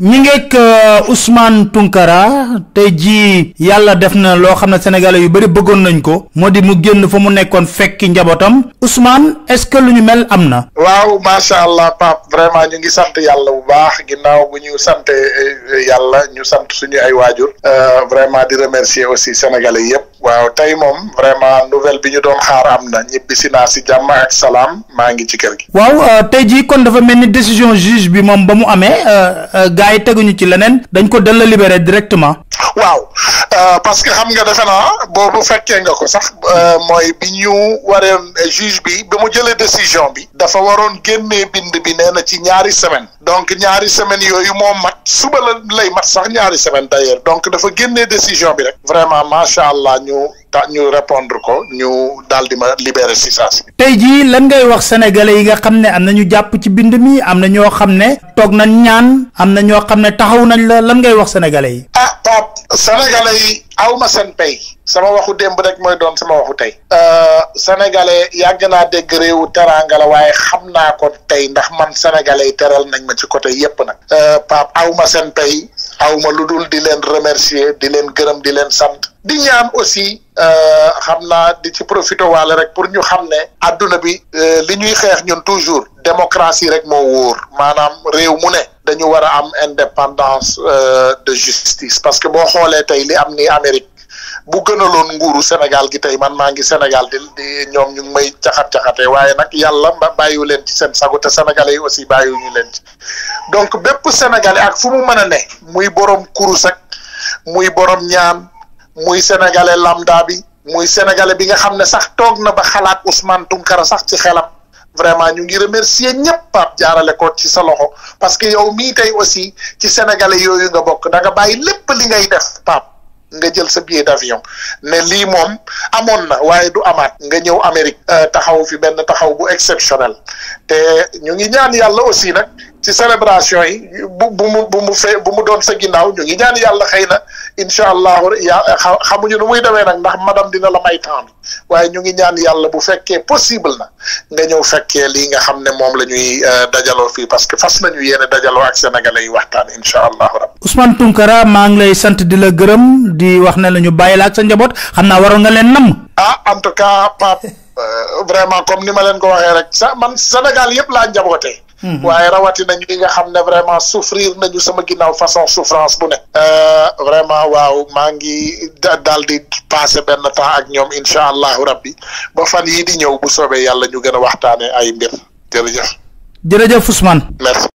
ñi ngeeg euh, Ousmane Tounkara tey jii yàlla def na loo xam ne sénégalais yu bëri bëggoon nañ ko moo di mu génn fa mu nekkoon fekki njabootam Ousmane est-ce que lu ñu mel am na. waaw macha allah Pape vraiment ñu ngi sant yàlla bu baax ginaaw bu ñu sant euh, yàlla ñu sant suñu ay waajur. Euh, vraiment di remercier aussi sénégalais yëpp. waaw tey moom vraiment nouvelle bi ñu doon xaar am na ñibbisi naa si jàmm ak salaam maa ngi ci kër gi. waaw tey jii kon dafa mel ni décision juge bi gars yi teguñu ci leneen dañ ko della libéré directement. waaw euh, parce que xam nga defe naa boobu fekkee nga ko sax euh, mooy bi ñu waroon euh, juge bi bi mu jëlee décision bi dafa waroon génne bind bi nee na ci ñaari semaine donc ñaari semaine yooyu moom mat suba la lay mat sax ñaari semaine d'ailleurs donc dafa génnee décision bi rek vraiment macha allah ñu ta ñu répondre ko ñu daal di ma libérer si saa si tey jii lan ngay wax sénégalais yi nga xam ne am na ñu jàpp ci bind mi am na ñoo xam ne toog nañ ñaan am na ñoo xam ne taxaw nañ la lan ngay wax sénégalais yi. ah Pape sénégalais yi aw ma seen pay sama waxu démb rek mooy doon sama waxu tey. Euh, sénégalais yàgg naa dégg réewu teraanga la waaye xam naa ko tey ndax man sénégalais yi teral nañ ma ci côté yépp nag. Euh, Pape aw ma seen pay aw ma lu dul di leen remercier di leen gërëm di leen sant di ñaan aussi euh, xam naa di ci profité waale rek pour ñu xam ne. adduna bi euh, li ñuy xeex ñun toujours démocratie rek moo wóor maanaam réew mu ne dañu war a am indépendance euh, de justice parce que boo xoolee tey li am ni Amérique bu gënaloon nguuru Sénégal gi tey man maa ngi Sénégal di di ñoom ñu ngi may caxat caxate waaye nag yàlla ba bàyyiwu leen ci seen sago te sénégalais yi aussi bàyyiwuñu leen donc bépp sénégalais ak fu mu mën a ne muy borom kurus ak muy borom ñaan muy sénégalais lamda bi. muy sénégalais bi nga xam ne sax toog na ba xalaat Ousmane kara sax ci xelam vraiment ñu ngi remercier ñëpp Pape jaarale ko ci sa loxo parce que yow mii tey aussi ci sénégalais yooyu nga bokk da nga bàyyi lépp li ngay def Pape nga jël sa billet d'avion ne lii moom amoon na waaye du amaat nga ñëw Amérique euh, taxaw fi benn taxaw bu exceptionnel te ñu ngi ñaan yàlla aussi nag. ci célébration yi bu bu mu bu mu fee bu mu doon sa ginnaaw ñu ngi ñaan yàlla xëy na incha allahu ya xamuñu nu muy demee nag ndax madame dina la may temps bi waaye ñu ngi ñaan yàlla bu fekkee possible na nga ñëw fekkee lii nga xam ne moom la ñuy euh, dajaloo fii parce que fas na ñu yéene dajaloo ak sénégalais yi waxtaan incha allahu rabbi Ousmane Tounkara maa ngi lay sant di la gërëm di wax ne la ñu bàyyi la ak sa njaboot xam naa waroon nga leen nam ah en tout cas Pape euh, vraiment comme ni ma leen ko rek sa man Sénégal yëpp laa njabootee Mm-hmm. waaye rawatina ñi nga xam ne vraiment souffrir nañu sama ginnaaw façon souffrance bu ne. Euh, vraiment waaw maa ngi daal di passé benn temps ak ñoom incha allahu rabbi ba fan yii di ñëw bu soobee yàlla ñu gën a waxtaanee ay mbir jërëjëf. jërëjëf Ousmane.